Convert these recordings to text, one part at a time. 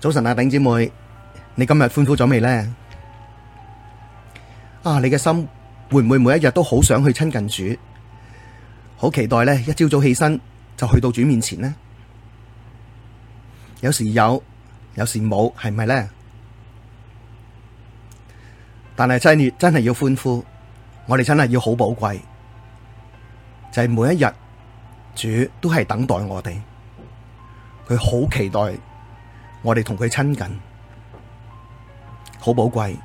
早晨，阿頂姐妹，你今日歡呼咗未呢？啊，你嘅心會唔會每一日都好想去親近主？好期待呢，一朝早起身就去到主面前呢。有時有，有時冇，係咪呢？但係真係真係要歡呼，我哋真係要好寶貴，就係每一日，主都係等待我哋，佢好期待。我哋同佢親近，好寶貴。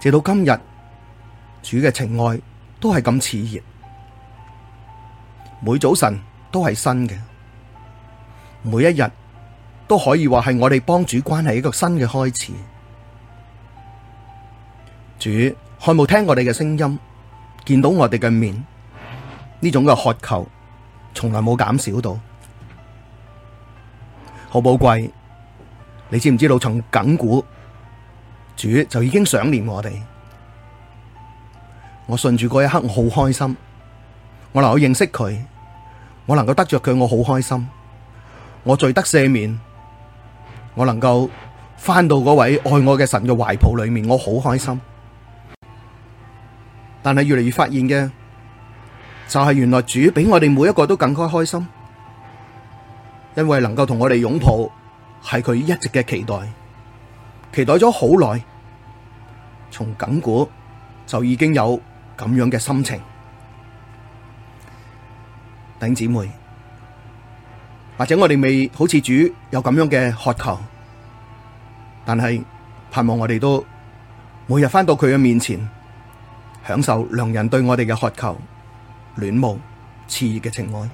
直到今日，主嘅情愛都係咁熾熱，每早晨都係新嘅，每一日都可以話係我哋幫主關係一個新嘅開始。主渴望聽我哋嘅聲音，見到我哋嘅面，呢種嘅渴求從來冇減少到，好寶貴。你知唔知道，從亙古主就已經想念我哋？我順住嗰一刻，我好開心。我能夠認識佢，我能夠得着佢，我好開心。我罪得赦免，我能夠返到嗰位愛我嘅神嘅懷抱裏面，我好開心。但係越嚟越發現嘅就係、是、原來主比我哋每一個都更加開心，因為能夠同我哋擁抱。係佢一直嘅期待，期待咗好耐，從亙古就已經有咁樣嘅心情。弟兄姊妹，或者我哋未好似主有咁樣嘅渴求，但係盼望我哋都每日翻到佢嘅面前，享受良人對我哋嘅渴求、戀慕、熾熱嘅情愛，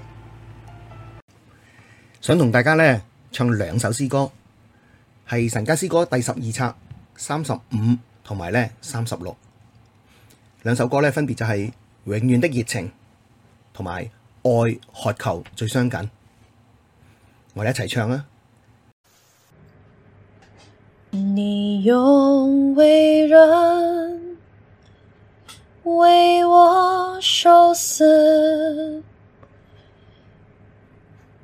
想同大家呢。唱兩首詩歌，係《神家詩歌》第十二冊三十五同埋咧三十六兩首歌咧，分別就係、是《永遠的熱情》同埋《愛渴求最相近》。我哋一齊唱啊！你用為人，為我受死。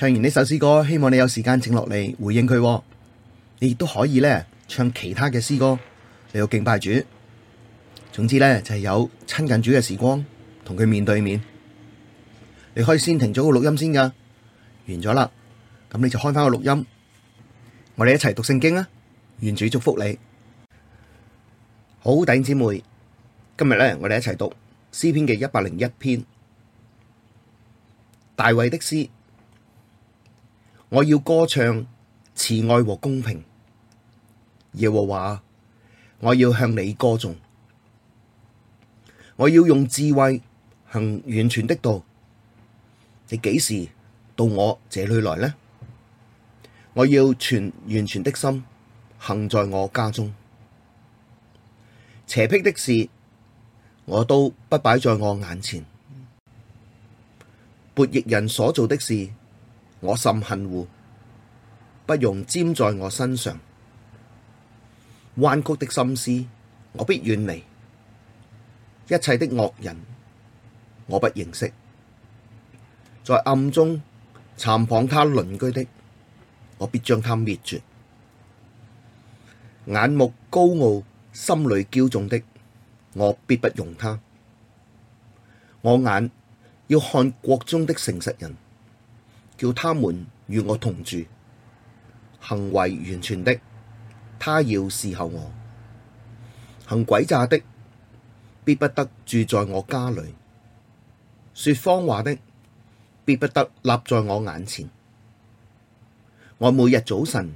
唱完呢首詩歌，希望你有時間靜落嚟回應佢。你亦都可以咧唱其他嘅詩歌，你要敬拜主。總之咧就係、是、有親近主嘅時光，同佢面對面。你可以先停咗個錄音先噶，完咗啦，咁你就開翻個錄音，我哋一齊讀聖經啊！願主祝福你，好頂姊妹。今日咧我哋一齊讀詩篇嘅一百零一篇，大衛的詩。我要歌唱慈愛和公平，耶和華，我要向你歌頌，我要用智慧行完全的道。你幾時到我這裏來呢？我要存完全的心行在我家中，邪僻的事我都不擺在我眼前，悖逆人所做的事。我甚恨惡，不容沾在我身上。彎曲的心思，我必遠離。一切的惡人，我不認識。在暗中讒謗他鄰居的，我必將他滅絕。眼目高傲、心裡驕縱的，我必不容他。我眼要看國中的誠實人。叫他們與我同住，行為完全的，他要伺候我；行詭詐的，必不得住在我家裡；說謊話的，必不得立在我眼前。我每日早晨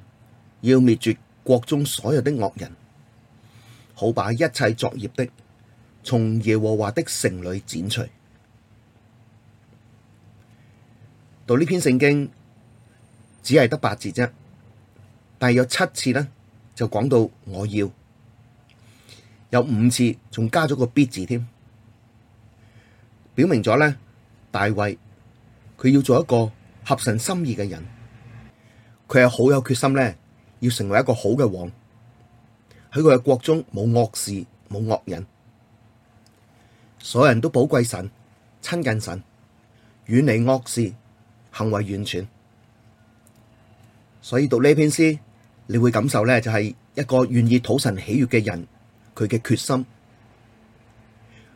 要滅絕國中所有的惡人，好把一切作孽的從耶和華的城裡剪除。到呢篇聖經，只係得八字啫，但係有七次呢，就講到我要，有五次仲加咗個必字添，表明咗呢，大衛佢要做一個合神心意嘅人，佢係好有決心呢，要成為一個好嘅王，喺佢嘅國中冇惡事冇惡人，所有人都寶貴神親近神，遠離惡事。行為完全，所以讀呢篇詩，你會感受咧，就係一個願意討神喜悅嘅人，佢嘅決心，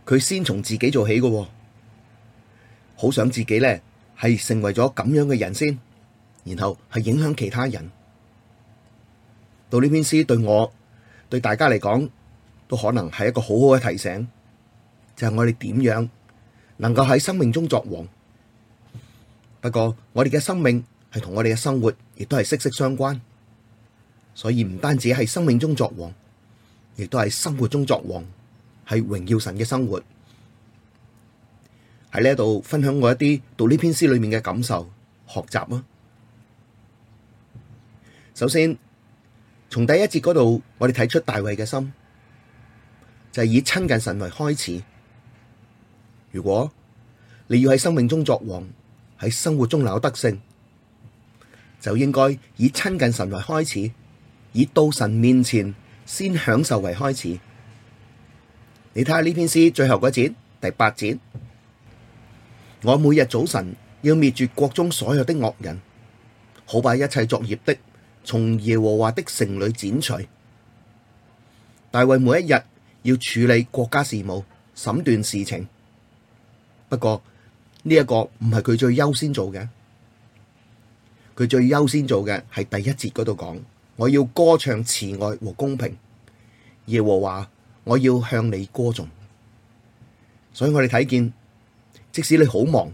佢先從自己做起嘅，好想自己咧係成為咗咁樣嘅人先，然後係影響其他人。讀呢篇詩對我對大家嚟講，都可能係一個好好嘅提醒，就係、是、我哋點樣能夠喺生命中作王。不過我哋嘅生命係同我哋嘅生活，亦都係息息相關，所以唔單止係生命中作王，亦都係生活中作王，係榮耀神嘅生活。喺呢一度分享我一啲讀呢篇詩裏面嘅感受、學習啦。首先，從第一節嗰度，我哋睇出大衛嘅心就係以親近神為開始。如果你要喺生命中作王，喺生活中有得勝，就應該以親近神為開始，以到神面前先享受為開始。你睇下呢篇詩最後嗰節，第八節，我每日早晨要滅絕國中所有的惡人，好把一切作孽的從耶和華的城裏剪除。大衛每一日要處理國家事務、審斷事情，不過。呢一個唔係佢最優先做嘅，佢最優先做嘅係第一節嗰度講，我要歌唱慈愛和公平，耶和華我要向你歌頌。所以我哋睇見，即使你好忙，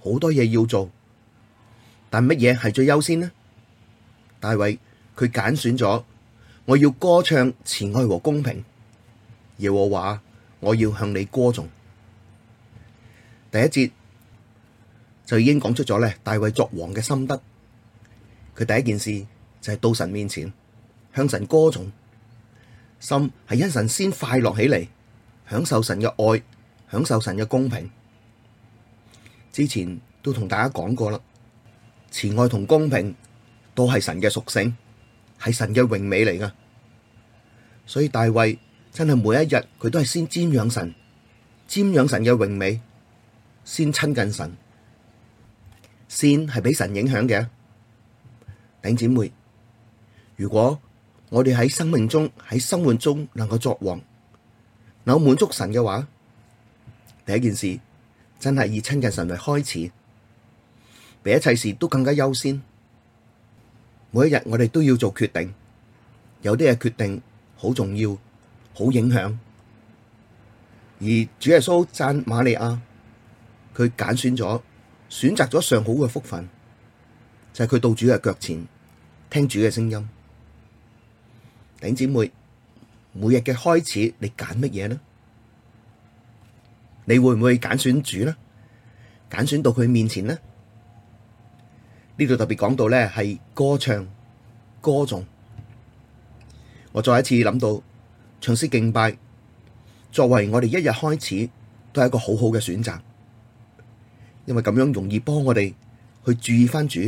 好多嘢要做，但乜嘢係最優先呢？大衛佢揀選咗，我要歌唱慈愛和公平，耶和華我要向你歌頌，第一節。就已經講出咗咧，大衛作王嘅心得。佢第一件事就係到神面前，向神歌頌，心係因神先快樂起嚟，享受神嘅愛，享受神嘅公平。之前都同大家講過啦，慈愛同公平都係神嘅屬性，係神嘅榮美嚟㗎。所以大衛真係每一日佢都係先瞻仰神，瞻仰神嘅榮美，先親近神。先係畀神影響嘅，弟兄姊妹，如果我哋喺生命中喺生活中能夠作王，能夠滿足神嘅話，第一件事真係以親近神為開始，比一切事都更加優先。每一日我哋都要做決定，有啲嘢決定好重要，好影響。而主耶穌讚瑪利亞，佢揀選咗。選擇咗上好嘅福分，就係、是、佢到主嘅腳前，聽主嘅聲音。弟兄姊妹，每日嘅開始，你揀乜嘢呢？你會唔會揀選主呢？揀選到佢面前呢？呢度特別講到咧，係歌唱歌頌。我再一次諗到，唱詩敬拜作為我哋一日開始，都係一個好好嘅選擇。因為咁樣容易幫我哋去注意返主，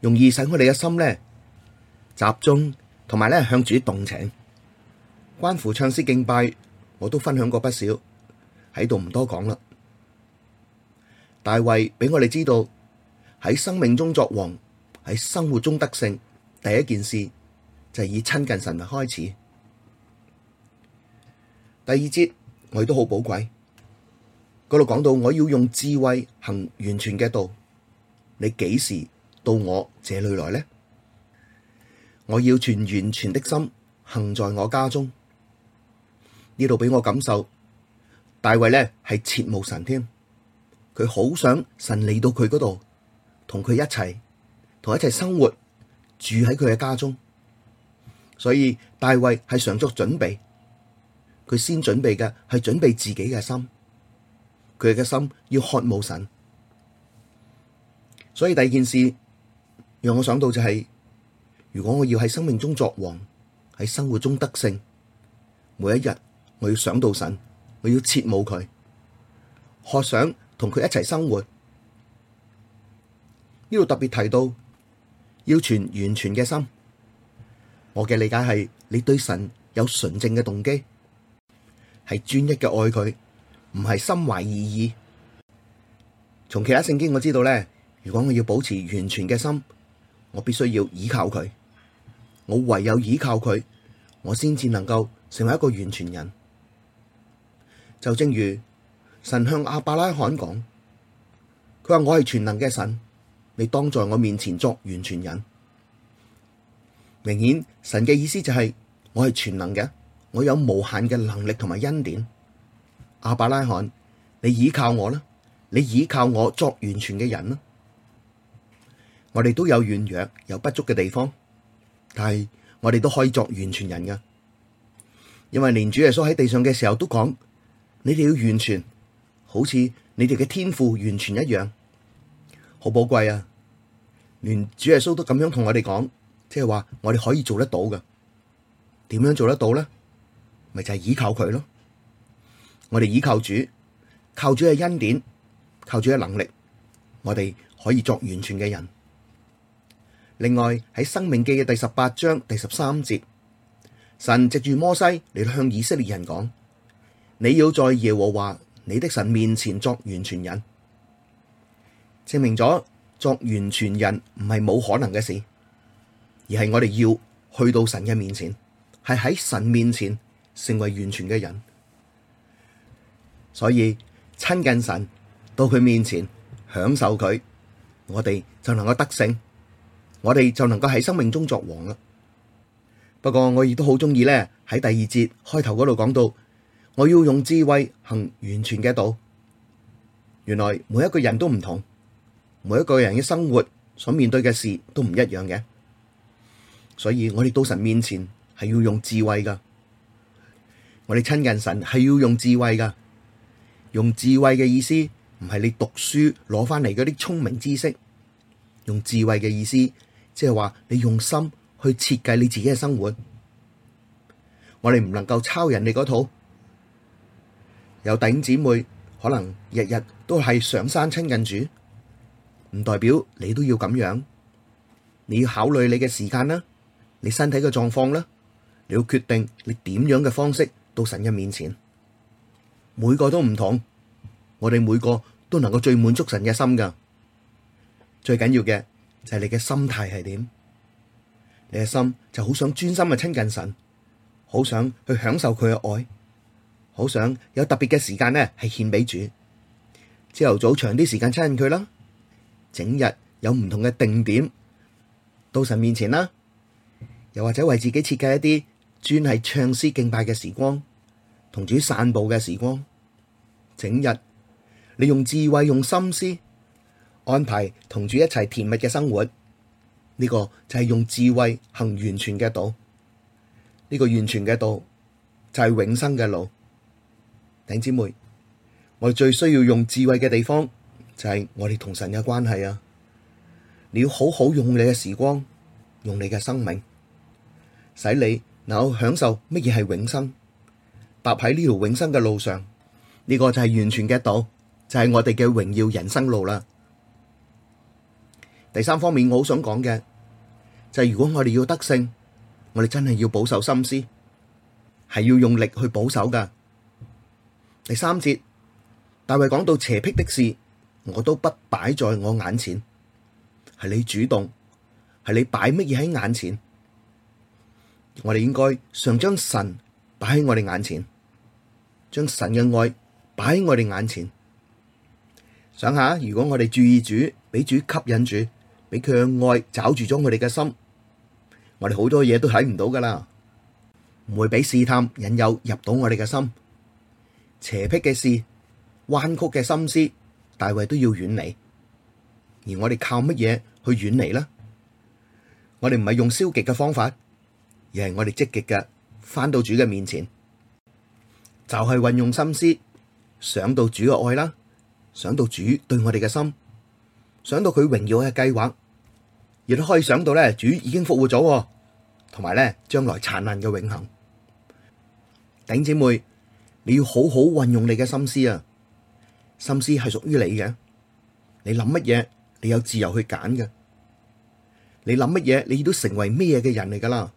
容易使我哋嘅心咧集中，同埋咧向主動情。關乎唱詩敬拜，我都分享過不少，喺度唔多講啦。大衛俾我哋知道喺生命中作王，喺生活中得勝，第一件事就係以親近神為開始。第二節我哋都好寶貴。嗰度講到，我要用智慧行完全嘅道。你幾時到我這裡來呢？我要全完全的心行在我家中。呢度俾我感受，大衛呢係切慕神添。佢好想神嚟到佢嗰度，同佢一齊，同一齊生活，住喺佢嘅家中。所以大衛係常作準備，佢先準備嘅係準備自己嘅心。佢嘅心要渴慕神，所以第二件事讓我想到就係，如果我要喺生命中作王，喺生活中得勝，每一日我要想到神，我要切慕佢，渴想同佢一齊生活。呢度特別提到要存完全嘅心，我嘅理解係你對神有純正嘅動機，係專一嘅愛佢。唔係心懷異意。從其他聖經我知道咧，如果我要保持完全嘅心，我必須要依靠佢。我唯有依靠佢，我先至能夠成為一個完全人。就正如神向亞伯拉罕講，佢話我係全能嘅神，你當在我面前作完全人。明顯神嘅意思就係我係全能嘅，我有無限嘅能力同埋恩典。亞伯拉罕，你倚靠我啦，你倚靠我作完全嘅人啦。我哋都有軟弱、有不足嘅地方，但係我哋都可以作完全人噶。因為連主耶穌喺地上嘅時候都講你哋要完全，好似你哋嘅天父完全一樣，好寶貴啊！連主耶穌都咁樣同我哋講，即係話我哋可以做得到噶。點樣做得到咧？咪就係倚靠佢咯。我哋倚靠主，靠主嘅恩典，靠主嘅能力，我哋可以作完全嘅人。另外喺《生命記》嘅第十八章第十三節，神藉住摩西嚟向以色列人講：你要在耶和華你的神面前作完全人，證明咗作完全人唔係冇可能嘅事，而係我哋要去到神嘅面前，係喺神面前成為完全嘅人。所以親近神，到佢面前享受佢，我哋就能夠得勝，我哋就能夠喺生命中作王啦。不過我亦都好鍾意咧喺第二節開頭嗰度講到，我要用智慧行完全嘅道。原來每一個人都唔同，每一個人嘅生活所面對嘅事都唔一樣嘅，所以我哋到神面前係要用智慧噶，我哋親近神係要用智慧噶。用智慧嘅意思，唔係你讀書攞返嚟嗰啲聰明知識。用智慧嘅意思，即係話你用心去設計你自己嘅生活。我哋唔能夠抄人哋嗰套。有啲姊妹可能日日都係上山親近主，唔代表你都要咁樣。你要考慮你嘅時間啦，你身體嘅狀況啦，你要決定你點樣嘅方式到神嘅面前。每個都唔同，我哋每個都能夠最滿足神嘅心噶。最緊要嘅就係你嘅心態係點，你嘅心就好想專心嘅親近神，好想去享受佢嘅愛，好想有特別嘅時間呢係獻俾主。朝頭早長啲時間親近佢啦，整日有唔同嘅定點到神面前啦，又或者為自己設計一啲專係唱詩敬拜嘅時光，同主散步嘅時光。整日你用智慧用心思安排同住一齊甜蜜嘅生活，呢、這個就係用智慧行完全嘅道。呢、這個完全嘅道就係永生嘅路。弟兄姊妹，我最需要用智慧嘅地方就係我哋同神嘅關係啊！你要好好用你嘅時光，用你嘅生命，使你能夠享受乜嘢係永生，踏喺呢條永生嘅路上。呢個就係完全嘅道，就係、是、我哋嘅榮耀人生路啦。第三方面我，我好想講嘅就係、是、如果我哋要得勝，我哋真係要保守心思，係要用力去保守噶。第三節，大衛講到邪僻的事，我都不擺在我眼前，係你主動，係你擺乜嘢喺眼前。我哋應該常將神擺喺我哋眼前，將神嘅愛，擺喺我哋眼前，想下如果我哋注意主，俾主吸引住，俾佢嘅愛抓住咗我哋嘅心，我哋好多嘢都睇唔到噶啦，唔會俾試探引誘入到我哋嘅心，邪僻嘅事、彎曲嘅心思，大衛都要遠離。而我哋靠乜嘢去遠離咧？我哋唔係用消極嘅方法，而係我哋積極嘅返到主嘅面前，就係運用心思。想到主嘅愛啦，想到主對我哋嘅心，想到佢榮耀嘅計劃，亦都可以想到咧，主已經復活咗，同埋咧將來燦爛嘅永恒。頂姐妹，你要好好運用你嘅心思啊，心思係屬於你嘅，你諗乜嘢，你有自由去揀嘅，你諗乜嘢，你都成為咩嘢嘅人嚟噶啦。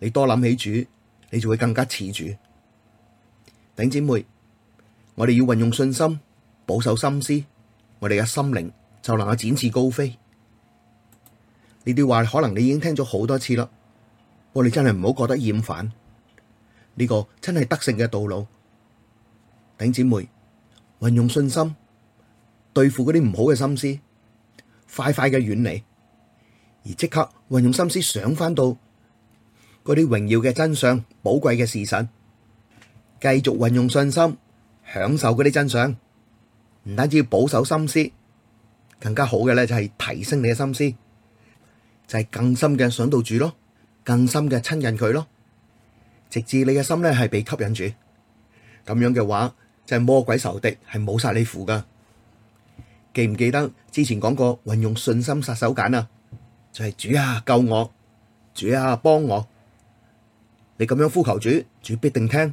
你多諗起主，你就會更加似主。頂姐妹。我哋要運用信心，保守心思，我哋嘅心靈就能夠展翅高飛。呢段話可能你已經聽咗好多次啦，我哋真係唔好覺得厭煩。呢、這個真係得勝嘅道路，頂姐妹運用信心對付嗰啲唔好嘅心思，快快嘅遠離，而即刻運用心思想翻到嗰啲榮耀嘅真相、寶貴嘅事實，繼續運用信心。享受嗰啲真相，唔單止要保守心思，更加好嘅咧就係提升你嘅心思，就係、是，更深嘅想到主咯，更深嘅親近佢咯，直至你嘅心咧係被吸引住。咁樣嘅話，就係、是，魔鬼仇敵係冇殺你符噶。記唔記得之前講過運用信心殺手鐧啊？就係、是，主啊救我，主啊幫我，你咁樣呼求主，主必定聽。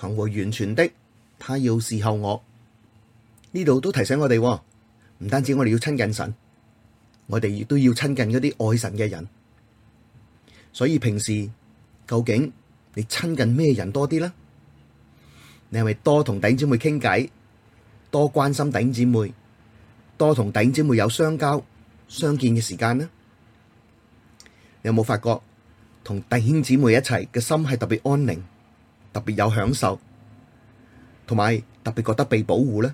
行為完全的，他要侍候我。呢度都提醒我哋，唔單止我哋要親近神，我哋亦都要親近嗰啲愛神嘅人。所以平時，究竟你親近咩人多啲呢？你係咪多同弟兄姊妹傾偈，多關心弟兄姊妹，多同弟兄姊妹有相交、相見嘅時間呢？你有冇發覺，同弟兄姊妹一齊嘅心係特別安寧？特別有享受，同埋特別覺得被保護咧，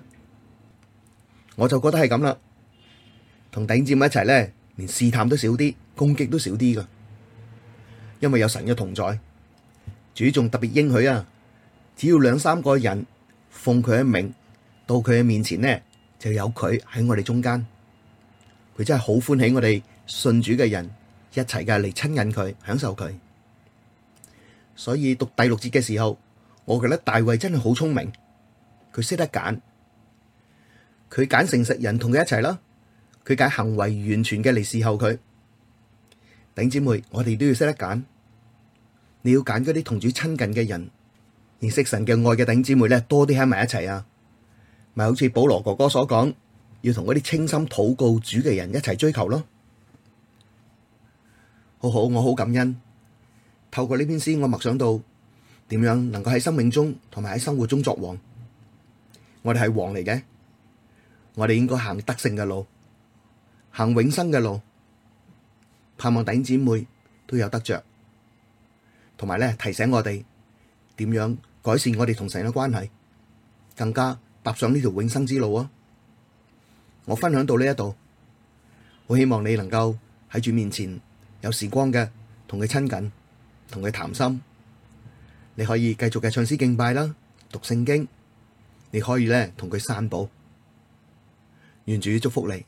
我就覺得係咁啦。同頂尖一齊咧，連試探都少啲，攻擊都少啲噶。因為有神嘅同在，主仲特別應許啊，只要兩三個人奉佢一名到佢嘅面前咧，就有佢喺我哋中間。佢真係好歡喜我哋信主嘅人一齊噶嚟親近佢，享受佢。所以讀第六節嘅時候，我覺得大衛真係好聰明，佢識得揀，佢揀誠實人同佢一齊咯，佢揀行為完全嘅嚟伺候佢。頂姊妹，我哋都要識得揀，你要揀嗰啲同主親近嘅人，認識神嘅愛嘅頂姊妹咧，多啲喺埋一齊啊！咪好似保羅哥哥所講，要同嗰啲清心禱告主嘅人一齊追求咯。好好，我好感恩。透過呢篇詩，我默想到點樣能夠喺生命中同埋喺生活中作王。我哋係王嚟嘅，我哋應該行得勝嘅路，行永生嘅路，盼望弟兄姊妹都有得着，同埋咧提醒我哋點樣改善我哋同神嘅關係，更加踏上呢條永生之路啊！我分享到呢一度，我希望你能夠喺主面前有時光嘅同佢親近。同佢談心，你可以繼續嘅唱詩敬拜啦，讀聖經，你可以咧同佢散步，願主祝福你。